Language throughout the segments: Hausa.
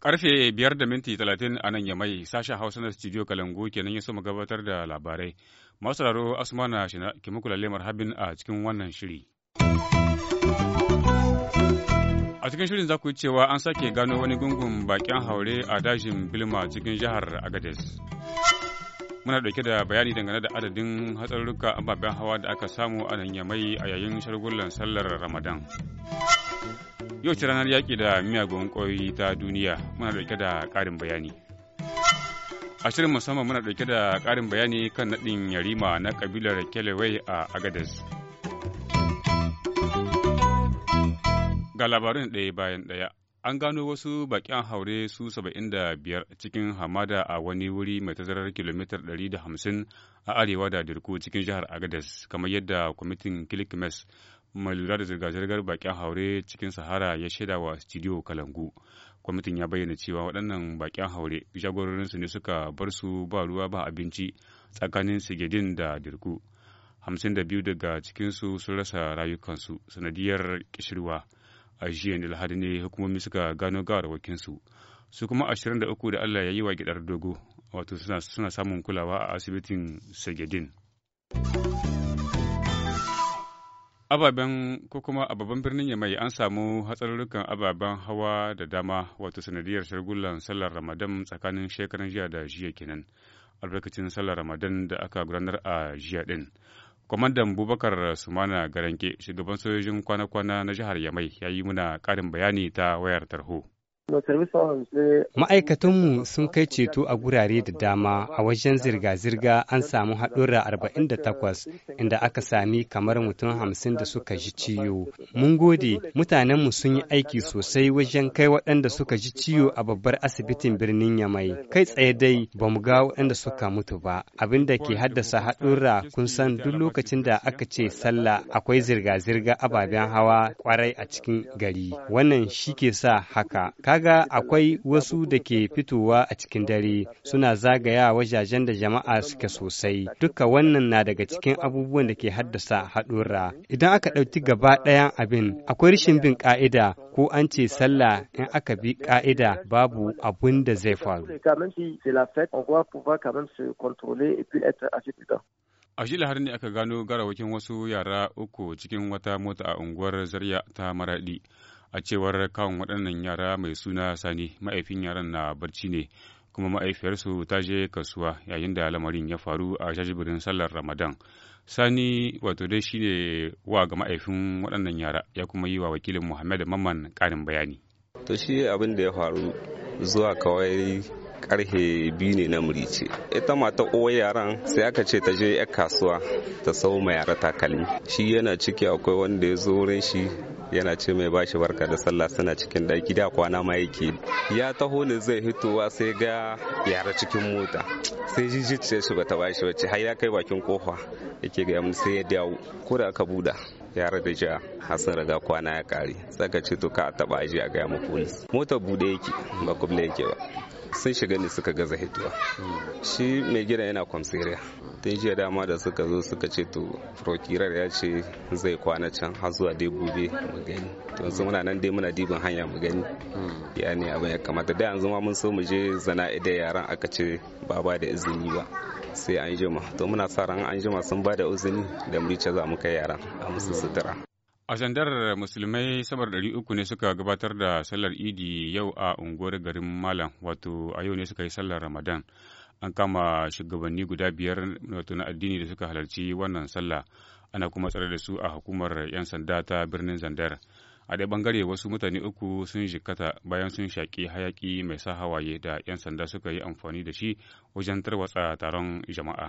karfe biyar da minti talatin a nan yamai sashen hausa na studio kalangu kenan ya soma gabatar da labarai masu raro asmana shina ke muku lalle a cikin wannan shiri a cikin shirin za ku yi cewa an sake gano wani gungun bakin haure a dajin bilma cikin jihar agadez muna dauke da bayani dangane da adadin hatsarurruka ababen hawa da aka samu a nan yamai a yayin shargullan sallar ramadan yau ce ranar yaƙi da miyagun ƙwai ta duniya muna dauke da ƙarin bayani a shirin musamman muna dauke da ƙarin bayani kan naɗin yarima na ƙabilar kelewai a agadez ga labarin ɗaya bayan ɗaya an gano wasu baƙin haure su 75 cikin hamada a wani wuri mai tazarar kilomitar da hamsin a arewa da dirku cikin jihar agadez kamar yadda kwamitin kilikmes mai lura da zirga-zirgar baƙin haure cikin sahara ya shaida wa studio kalangu kwamitin ya bayyana cewa waɗannan baƙin haure jagororinsu ne suka bar su ba ruwa ba abinci tsakanin sigidin da dirku 52 daga cikinsu sun rasa rayukansu sanadiyar kishirwa. a jiya lahadi ne hukumomi suka gano wakinsu su kuma ashirin da uku da allah ya yi wa gidar dogo wato suna samun kulawa a asibitin sagedin ababen ko kuma a babban birnin yamai an samu hatsarurrukan ababen hawa da dama wato sanadiyar shargullan sallar ramadan tsakanin shekaran jiya da jiya kenan albarkacin sallar ramadan da aka gudanar a jiya din Kwamandan Bubakar Sumana Garanke, shugaban sojojin kwana-kwana na jihar Yamai, ya yi muna karin bayani ta wayar tarho. Ma'aikatanmu sun kai ceto a gurare da dama a wajen zirga-zirga an samu haɗura 48 inda aka sami kamar mutum hamsin da suka ji ciwo. Mun gode mutanenmu sun yi aiki sosai wajen kai waɗanda suka ji ciwo a babbar asibitin birnin Yamai. Kai tsaye dai ba mu ga waɗanda suka mutu ba. Abin da ke haddasa haɗura kun san duk lokacin da aka ce sallah akwai zirga-zirga ababen hawa kwarai a cikin gari. Wannan shi ke sa haka. kaga akwai wasu da ke fitowa a cikin dare suna zagaya wajajen da jama'a suke sosai duka wannan na daga cikin abubuwan da ke haddasa haɗura idan aka ɗauki gaba ɗayan abin akwai rashin bin ƙa'ida ko an ce sallah in aka bi ƙa'ida babu abun da zai faru A shi har ne aka gano garawakin wasu yara uku cikin wata mota a unguwar Zarya ta maraɗi. a cewar kawon waɗannan yara mai suna sani ma'aifin yaran na barci ne kuma ma'aifiyarsu ta je kasuwa yayin da lamarin ya faru a jajibirin sallar ramadan sani wato dai shine wa ga ma'aifin waɗannan yara ya kuma yi wa wakilin muhammad mamman ƙarin bayani to shi abin da ya faru zuwa kawai karhe biyu ne na murice ita mata uwa yaran sai aka ce ta je yar kasuwa ta sau yara takalmi shi yana ciki akwai wanda ya zo wurin shi yana ce mai bashi barka da sallah suna cikin ɗaki da kwana ma yake ya taho ne zai hitowa sai ga yara cikin mota sai jijicce shi bata bashi wacce har ya kai bakin kofa yake ga mun sai ya dawo ko da aka buda yara da ja hasan raga kwana ya kare tsaka ce to ka taba aji a ga mu polis mota bude yake ba kuma yake ba sun shiga ne suka gaza hituwa shi mai gidan yana kwamsiriya tun jiya dama da suka zo suka ce to prokirar ya ce zai kwana can har zuwa dai gobe mu gani to yanzu muna nan dai muna dibin hanya mu gani ya ne abin ya kamata da yanzu ma mun so mu je zana idan yaran aka ce ba ba da izini ba sai an jima to muna sa ran an jima sun ba da izini da mu za mu kai yaran a musu sutura A sandar musulmai samar ɗari uku ne suka gabatar da sallar idi yau a unguwar garin Malam wato a yau ne suka yi sallar Ramadan. An kama shugabanni guda biyar wato na addini da suka halarci wannan sallah ana kuma tsare da su a hukumar 'yan sanda ta birnin Zandar. A ɗaya bangare wasu mutane uku sun jikkata bayan sun shaƙi hayaƙi mai sa hawaye da 'yan sanda suka yi amfani da shi wajen tarwatsa taron jama'a.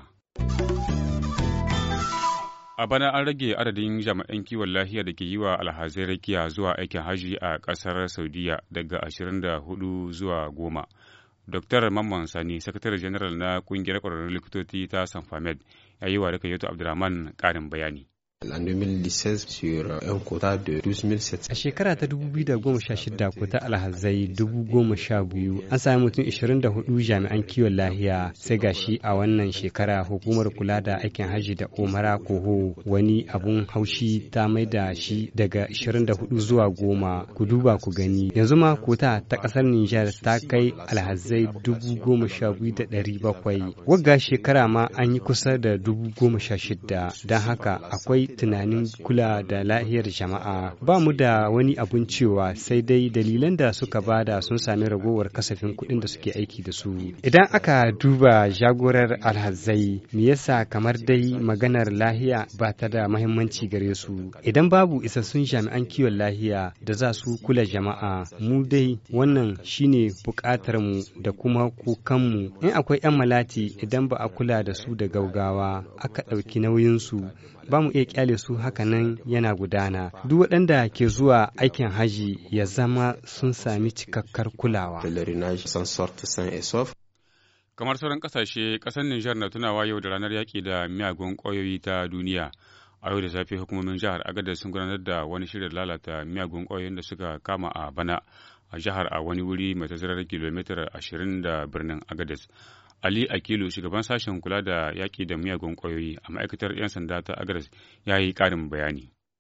A bana an rage adadin jami'an kiwon lafiya da ke yi wa alhazai rakiya zuwa aikin haji a kasar Saudiya daga 24 zuwa goma. Dr. Mamman Sani, Sakatare General na ƙungiyar kwararrun likitoci ta Sanfamed, ya yi wa rikayyoto Abdulrahman ƙarin bayani. En 2016 sur un quota de 12,700. A shekara ta 2016 kwata alhazai 12,000 an sami mutum 24 jami'an kiwon lahiya sai gashi a wannan shekara hukumar kula da aikin hajji da umara koho wani abun haushi ta maida shi daga 24 zuwa goma ku duba ku gani yanzu ma kota ta kasar Nijar ta kai alhazai 12,700 wagga shekara ma an yi kusa da 16,000 don haka akwai tunanin kula da lahiyar jama'a ba mu da wani abun cewa sai dai dalilan da suka bada sun sami ragowar kasafin kuɗin da suke aiki da su idan aka duba jagorar alhazai me yasa kamar dai maganar lahiya ba ta da mahimmanci gare su idan babu isassun jami'an kiwon lahiya da za su kula jama'a mu dai wannan shine buƙatar mu da kuma kukanmu in akwai 'yan malati idan ba a kula da su da gaugawa aka ɗauki nauyinsu ba mu iya kyale su hakanan yana gudana duk waɗanda ke zuwa aikin haji ya zama sun sami cikakkar kulawa kamar sauran kasashe ƙasar Nijar na tunawa yau da ranar yaƙi da miyagun ƙwayoyi ta duniya a yau da safe hukumomin jihar agadar sun gudanar da wani shirin lalata miyagun ƙwayoyin da suka kama a bana a jihar a wani wuri mai tazarar kilomita ashirin da birnin agadez Ali Akilu shugaban sashen kula da yaƙi da miyagun ƙwayoyi a ma'aikatar 'yan sanda ta agres ya yi ƙarin bayani.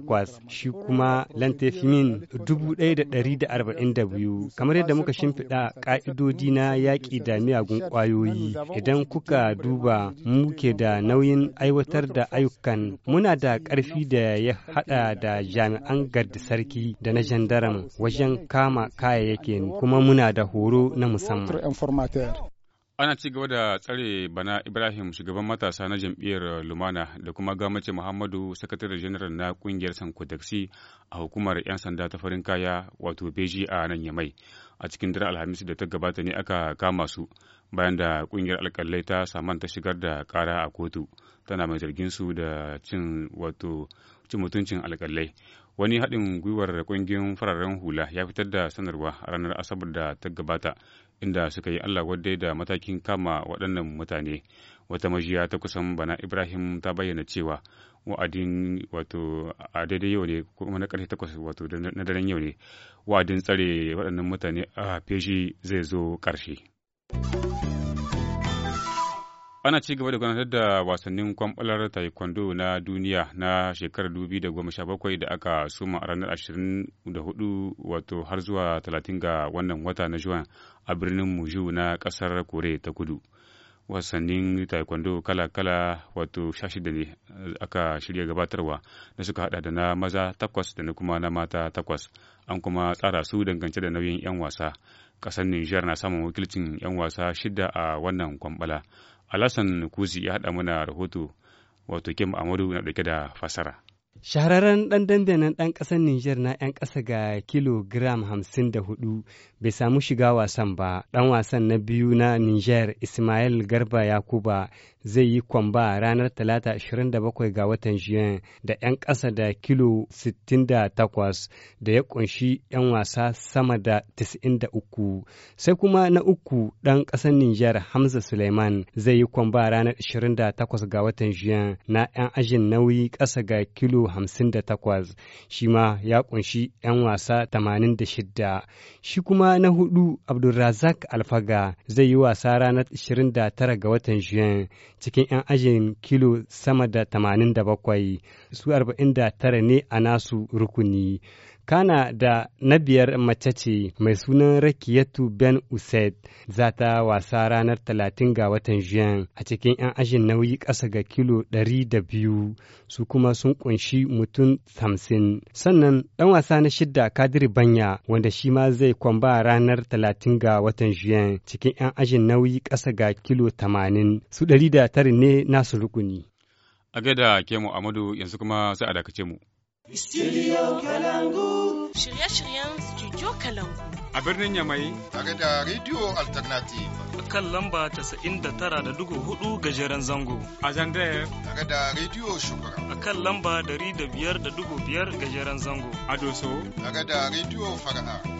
takwas shi kuma lantefimin dubu ɗaya da ɗari da arba'in da biyu kamar yadda muka shimfiɗa ƙa'idodi na yaƙi da miyagun ƙwayoyi idan kuka duba muke da nauyin aiwatar da ayyukan muna da ƙarfi da ya haɗa da jami'an gardi sarki da na jandaram wajen kama kayayyakin kuma muna da horo na musamman. Ana ci gaba da tsare bana Ibrahim shugaban matasa na jam'iyyar Lumana da kuma gamace Muhammadu sakatare janar na kungiyar Sankodaksi a hukumar 'yan sanda ta farin kaya wato beji a nan Yamai. A cikin dare Alhamis da ta gabata ne aka kama su bayan da kungiyar alkalai ta saman ta shigar da kara a kotu tana mai zargin su da cin wato cin mutuncin alkalai. Wani haɗin gwiwar kungiyar fararen hula ya fitar da sanarwa a ranar Asabar da ta gabata inda suka yi Allah wadai da matakin kama waɗannan mutane. Wata majiya ta kusan bana Ibrahim ta bayyana cewa wa'adin wato a daidai yau ne kuma na ƙarshe takwas wato na daren yau ne wa'adin tsare waɗannan mutane a feshi zai zo ƙarshe. Ana ci gaba da gudanar da wasannin kwamɓalar taekwondo na duniya na shekarar 2017 da aka suma a ranar 24 wato har zuwa talatin ga wannan wata na juwan a birnin Muju na kasar Kore ta kudu. Wasannin taekwondo kala-kala wato da ne aka shirya gabatarwa da suka hada da na maza takwas da na kuma na mata takwas an kuma tsara su dangance da nauyin 'yan wasa. Ƙasar Nijar na samun wakilcin 'yan wasa shida a wannan kwambala Alasan Kuzi ya haɗa mana rahoto wato Kim Amadu na ɗauke da fasara. Shahararren ɗan dambe na ɗan ƙasar Nijar na 'yan ƙasa ga kilogiram hamsin da hudu bai samu shiga wasan ba, ɗan wasan na biyu na Nijar Ismail Garba Yakuba zai yi kwamba ranar talata 27 ga watan juyan da 'yan ƙasa da kilo 68 da ya kunshi 'yan wasa sama da 93 sai kuma na uku ɗan ƙasar Nijar Hamza Suleiman zai yi kwamba ranar 28 ga watan juyan na 'yan ajin nauyi ƙasa ga kilo 58 shi ma ya kunshi 'yan wasa 86 shi kuma na hudu Abdulrazak Alfaga zai yi wasa ranar 29 ga watan juyan cikin 'yan ajin kilo sama da 87 su 49 ne a nasu rukuni Kana da na biyar mace ce mai sunan Rakiyatu Ben Usaid za ta wasa ranar talatin ga watan Juyan a cikin 'yan ajin nauyi ƙasa ga kilo dari da biyu su kuma sun kunshi mutum hamsin. Sannan ɗan wasa na shidda Kadiri Banya wanda shi ma zai kwamba ranar talatin ga watan Juyan cikin 'yan ajin nauyi ƙasa ga kilo tamanin su ɗari da tara ne nasu rukuni. A gaida Kemu Amadu yanzu kuma sai a dakace mu. Studio Kalangu. Shirye-shiryen Studio Kalangu. A birnin Yamai. Tare da Radio Alternative. A kan lamba da da tara 99.4 gajeren zango. A Zandaya. Tare da Radio Shugura. A kan lamba dari da da biyar 105.5 gajeren zango. A Doso. Tare da Radio Fara'a.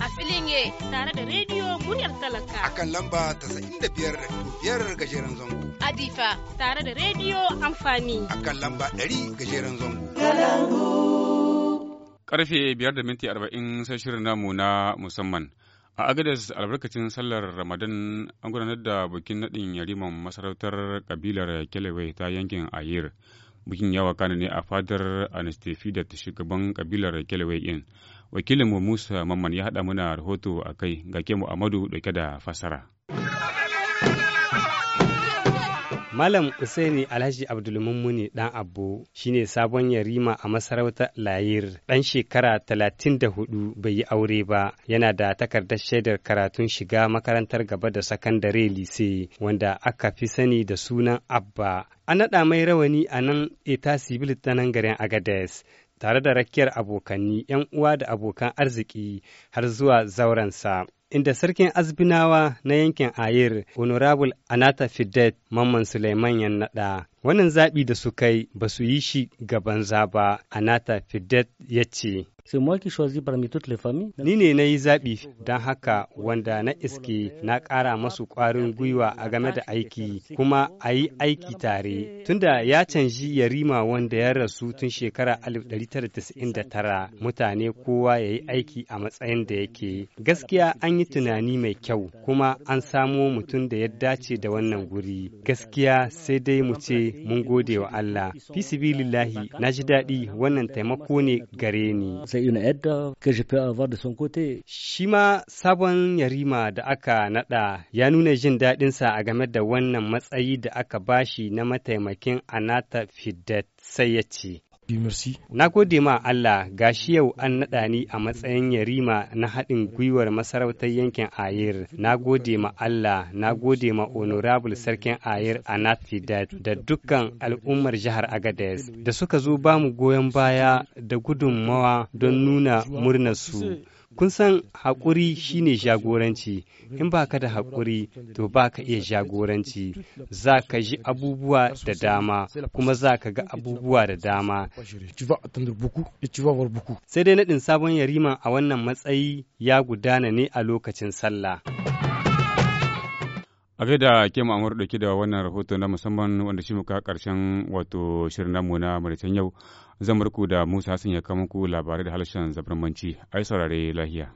a filin ye tare da rediyo muryar talaka. A kan lamba ta da biyar biyar gajeren zango. A difa tare da rediyo amfani. A kan lamba ɗari gajeren zango. Karfe biyar da minti arba'in sai shirin namu na musamman. A Agadez albarkacin sallar Ramadan an gudanar da bukin naɗin yariman masarautar kabilar Kelewe ta yankin Ayir. Bikin yawa kana ne a fadar Anastafi da shugaban kabilar Kelewe in. wakilinmu musa mamman ya haɗa muna rahoto a kai ga muhammadu amadu ɗauke da fasara Malam Usaini Alhaji Abdulmummuni ɗan Abbo shine sabon yarima a masarautar Layir ɗan shekara talatin da hudu bai yi aure ba yana da takardar shaidar karatun shiga makarantar gaba da sakandare lise wanda aka fi sani da sunan Abba. An naɗa mai rawani a nan Eta Sibil ta nan garin Agades tare da rakiyar abokanni, ‘yan uwa da abokan arziki har zuwa zaurensa. Inda sarkin azbinawa na yankin Ayir, Honorable Anata Fidet Mamman Suleiman ya naɗa. Wannan zaɓi da su kai ba su yi shi ga ba, Anata Fidet ya ce. Ni ne na yi zaɓi don haka wanda na iske na ƙara masu ƙwarin gwiwa a game da aiki kuma a yi aiki tare. Tunda ya canji yarima wanda ya rasu tun shekara 1999 mutane kowa ya yi aiki a matsayin da yake. Gaskiya an yi tunani mai kyau kuma an samo mutum da ya dace da wannan guri. Gaskiya sai dai mu ce mun gode wa Allah. Fi na ji daɗi wannan taimako ne gare ni. c'est une je peux de son côté. Shi ma sabon yarima da aka nada ya nuna jin daɗinsa a game da wannan matsayi da aka bashi na mataimakin Anata Fidet sai ya ce Na gode ma Allah gashi yau an naɗa ni a matsayin yarima na haɗin gwiwar masarautar yankin Ayir. Na gode ma Allah, na gode ma Honorable Sarkin Ayir a Nafidat da dukkan al'ummar jihar Agadez da suka zo bamu goyon baya da gudunmawa don nuna murnarsu Kun san haƙuri shine jagoranci, in ba ka da haƙuri to ba ka iya jagoranci, za ka ji abubuwa da dama kuma za ka ga abubuwa da dama. Sai dai naɗin sabon yariman a wannan matsayi ya gudana ne a lokacin sallah. a gaida ke amur dauke da wannan rahoto na musamman wanda shi muka karshen wato shirin namu na maritan yau zan da musa sun ya kama ku labarai da halashen zabarmanci ai saurare lahiya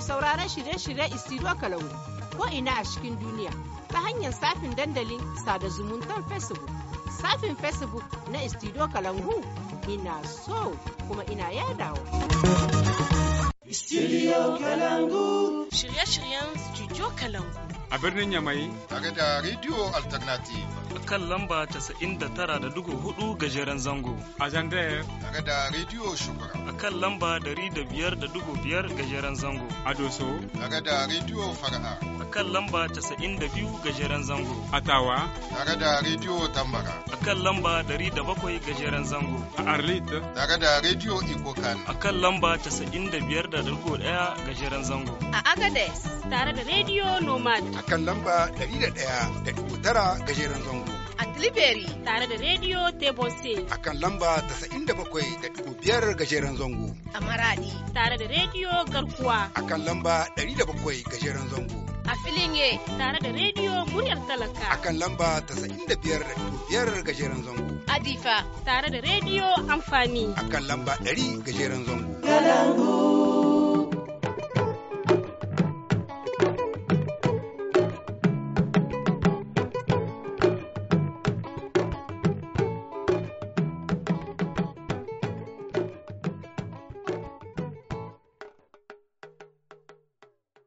sauraron shirye-shirye istiro kalangu ko ina a cikin duniya ta hanyar safin dandalin sada zumuntar facebook safin facebook na istiro kalangu ina so kuma ina yadawa Studio Kalangu. Shirye-shiryen Studio Kalangu. A birnin Yamai. Tare da Radio Alternative. kan lamba 99.4 gajeren zango. A Zandaya. Daga da Radio Shugura. A kan lamba 105.5 gajeren zango. A Doso. Daga da Radio Fara'a. kan lamba 92 gajeren zango. a Tawa. Daga da Radio Tambara. A kan lamba 107 gajeren zango. A Arlit. Daga da Radio Ikokan. A kan lamba 95.1 gajeren zango. A Agades. Tare da Radio Nomad. A kan lamba 101.9 gajeren zango. a Tilibiri. Tare da Radio Table A kan lamba biyar gajeren zango. A Maradi. Tare da Radio Garkuwa. A kan lamba bakwai gajeren zango. A Filinge. Tare da Radio Muryar Talaka. A kan lamba biyar gajeren zango. A Difa. Tare da Radio Amfani. A kan lamba 100 gajeren zango. Galangu.